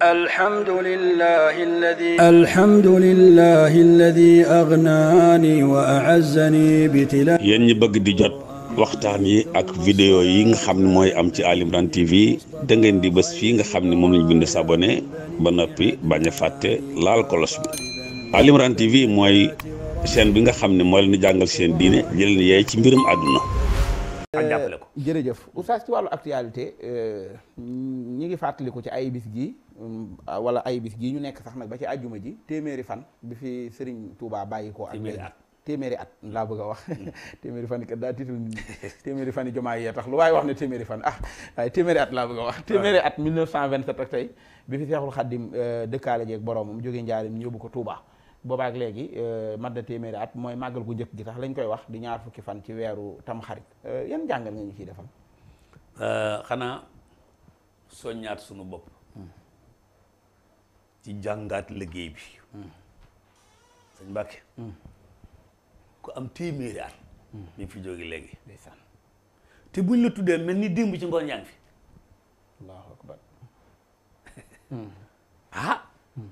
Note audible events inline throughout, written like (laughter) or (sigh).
الحمد لله الذي الحمد لله ñi bëgg di jot waxtaan yi ak vidéo yi nga xam ne mooy am ci Ali Imran TV da ngeen di bés fii nga xam ne moom lañ bind sabone ba noppi bañ a fàtte laal kolos bi mooy chaîne bi nga xam ne moo leen jàngal seen diine di ci mbirum àdduna ak ko jërëjëf oustaz ci wàllu actualité euh, ñi ngi fàttaliku ci ay bis gi Euh, wala ay bis gii ñu nekk sax nag ba ci àjjuma ji téeméeri fan bi fi Serigne Touba bàyyi ko ak téeméeri at laa bëgg a wax hmm. (laughs) téeméeri fan kat daa tiitul (laughs) fan yi jumaa yee tax lu waaye wax ne téeméeri fan ah waaye téeméeri at laa bëgg a wax hmm. téeméeri at cent 1927 ak tey bi fi Seexul Xaddim euh, dëkkaale jeeg boroomam jóge njaarim ñu yóbbu ko Touba boobaak léegi euh, mat na téeméeri at mooy màggal gu njëkk gi tax lañ koy wax di ñaar fukki fan ci weeru tamxarit yan jàngal nga ñu ciy defal xanaa soññaat sunu bopp ci jàngaat liggéey bi sëñ Mbàkke ku am téeméeri at hmm. ñu fi jóge léegi te buñ la tuddee mel ni démb ci ngoon yaa fi allahu akbar (laughs) ah hmm.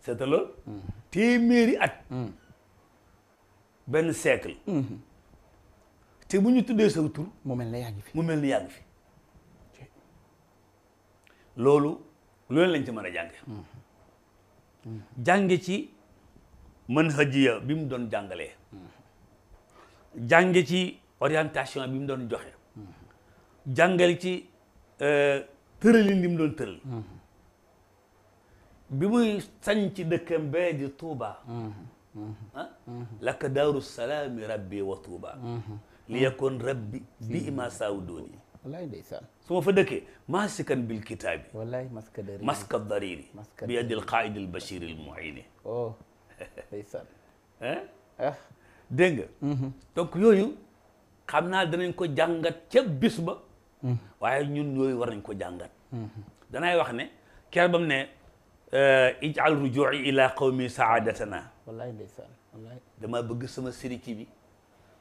seeta lool hmm. téeméeri at benn siècle te bu ñu tuddee saw tur mu mel ne yaa fi mu mel ni yaa fi loolu loolu lañ ci mën a jànge jànge ci manhajiya bi mu doon jàngalee jànge ci orientation bi mu doon joxe jàngal ci euh, tëralin li mu doon tëral bi muy sañc dëkkam bee di Tuuba ah laka daaru salaami rabbi wa Tuuba mm-hmm. li yakun rabbi bi ima saawu dooni wallaay ndeysaan su ma fa dëkkee maasikan bil kitaabi wallaay maska dariri maska dariri bi yadil qaayidi al bashir al muini oh ndeysaan (laughs) eh? ah dégg nga mhm. donc yooyu xam naa danañ ko jàngat ca bis ba mhm. waaye ñun yooyu war nañ ko jàngat mhm. wax ne ker bam ne eh, ijal rujuu'i ila qawmi saadatana wallaay ndeysaan wallaay dama bëgg sama siriti bi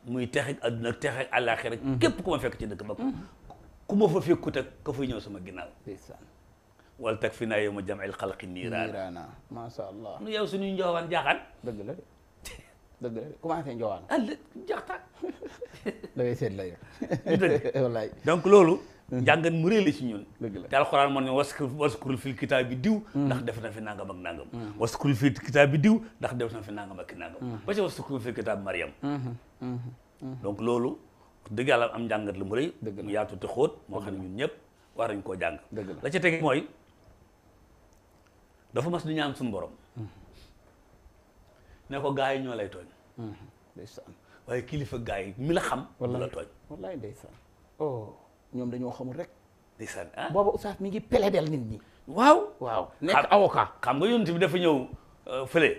muy texe ak àdduna ak texe ak képp ku fekk ci dëkk ba ku ma fa fekkut ak ka fay ñëw sama ginnaaw. ndeysaan. wal tag fi naa yow ma jamil xalqi niiraana. macha allah nu yow suñuy njoowaan jaaxaan. dëgg la dëgg commencé njoowaan. ah li jaaxtaan. (laughs) la yow. (laughs) loolu. njàngat mhm. mu réy la ci ñun. dëgg la te alxuraan moo ne waskur waskurul fil kitaab bi diw. Mhm. ndax def na fi nangam ak mhm. bi diw ndax def na fi nangam ak nangam. ba ci waskurul fil kitaab Mariam. donc loolu. dëgg yàlla am jàngat lu mu rëy mu yaatu te xóot moo xam ne ñun ñëpp war nañ koo jàng la ca teg mooy dafa mas di ñaan suñu mm-hmm. ko gaa yi ñoo lay tooñ mm-hmm. waaye kilifa gaa yi mi xam mu la oh, ñoom dañoo xamul rek ndeysaan ah booba mi ngi peledel nit ñi waaw waaw nekk avocat xam nga yonent bi dafa ñëw euh, fële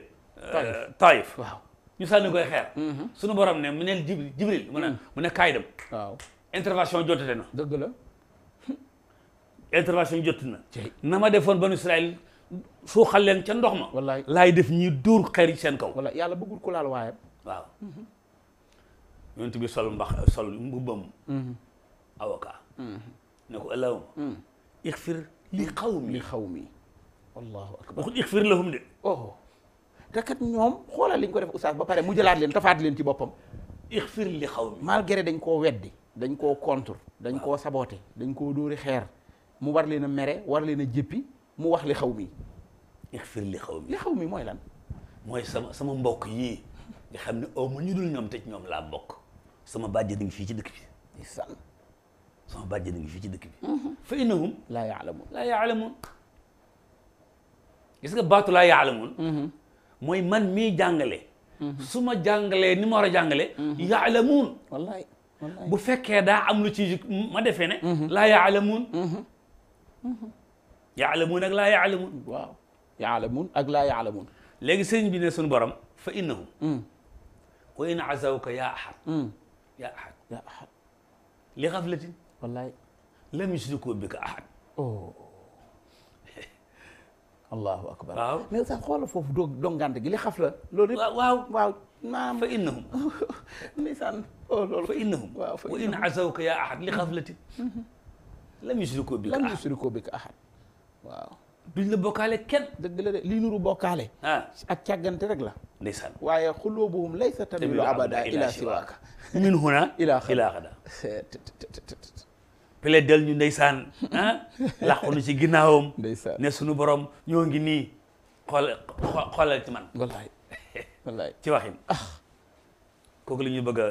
Taïf euh, waaw ñu sànni koy xeer. Mm-hmm. suñu borom ne mu ne jibril jibril mu ne mm. mu ne kaay dem. waaw intervention jottate na. dëgg la. intervention jot na. na ma defoon banu Israël suuxal leen ca ndox ma. wallaay laay def ñi dóor xeer yi seen kaw. wallaay yàlla bëggul ku laal waaye. waaw. Mm-hmm. yonent bi sol mbax sol mbubbam. Mm-hmm. avocat. ne ko allahumma. Mm. ixfir li xaw mi li xaw mi. de. Oh. te kat ñoom xoolal li ko def oustaz ba pare mu jëlaat leen tafaat leen ci boppam ixfir li xaw mi malgré dañ koo weddi dañ koo contre dañ koo saboote dañ koo dóori xeer mu war leen a mere war leen a jéppi mu wax li xaw mi ixfir li xaw mi xaw mi mooy lan mooy sama sama mbokk yii nga xam ne aw ma ñu dul ñoom te ñoom laa mbokk sama bàjje da ngi fii ci dëkk bi isan sama bàjje ngi fii ci dëkk bi mhm. fa innahum laa yaalamuun laa yaalamuun gis nga baatu laa yaalamuun mhm. mooy man mi jàngale mhm. su ma jàngalee ni ma war a jàngale mhm. bu fekkee daa am lu ci ma defee ne mhm. laa yaalamuun yaalamuun ak laa yaalamuun waaw yaalamuun ak laa yaalamuun léegi sëriñ bi ne borom fa innahum mm. wa in azawka yaa ahad mm. li xaflatin lam yusriku bika ahad oh. allahu akbar waaw mais sax xoolal foofu doo dongante gi li xaf la loolu waaw waaw naam fa innahum (laughs) ndeysaan oh, loolu fa innahum waaw wa in asawka yaa ahad li xaflatin mhm. lam yusriku bika lam yusriku bika ahad waaw duñ la bokkaale kenn dëgg la de lii nuru bokkaale ah ak càggante rek la ndeysaan waaye xulubuhum laysa tamilu abada ila siwaaka min huna (laughs) ila xada (laughs) plaidel ñu ndeysaan ah (laughs) làqunu ci ginnaawam ne suñu borom ñoo ngi nii xool xoolal ci man wallaay wallaay (laughs) ci waxin ah. kooku li ñu bëgg a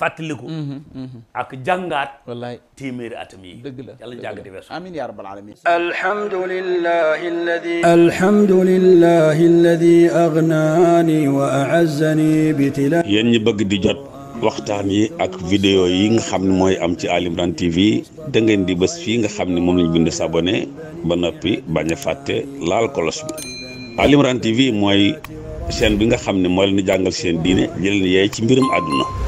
fàttaliku mhm, mhm. ak jàngaat wallaay téeméeri atam yi dëgg la yàlla jàngati weesu amiin yaa rabbal alamin alhamdulillahi alladi alhamdulillahi alladi aghnani wa a'azzani bi tila yéen ñi bëgg di jot waxtaan yi ak vidéo yi nga xam ne mooy am ci Ali Imran TV di bés fii nga xam ni moom lañ bind sabone ba noppi bañ a fàtte laal kolos bi Ali Imran mooy seen bi nga xam ne moo leen di jàngal seen diine jëleen yee ci mbirum àdduna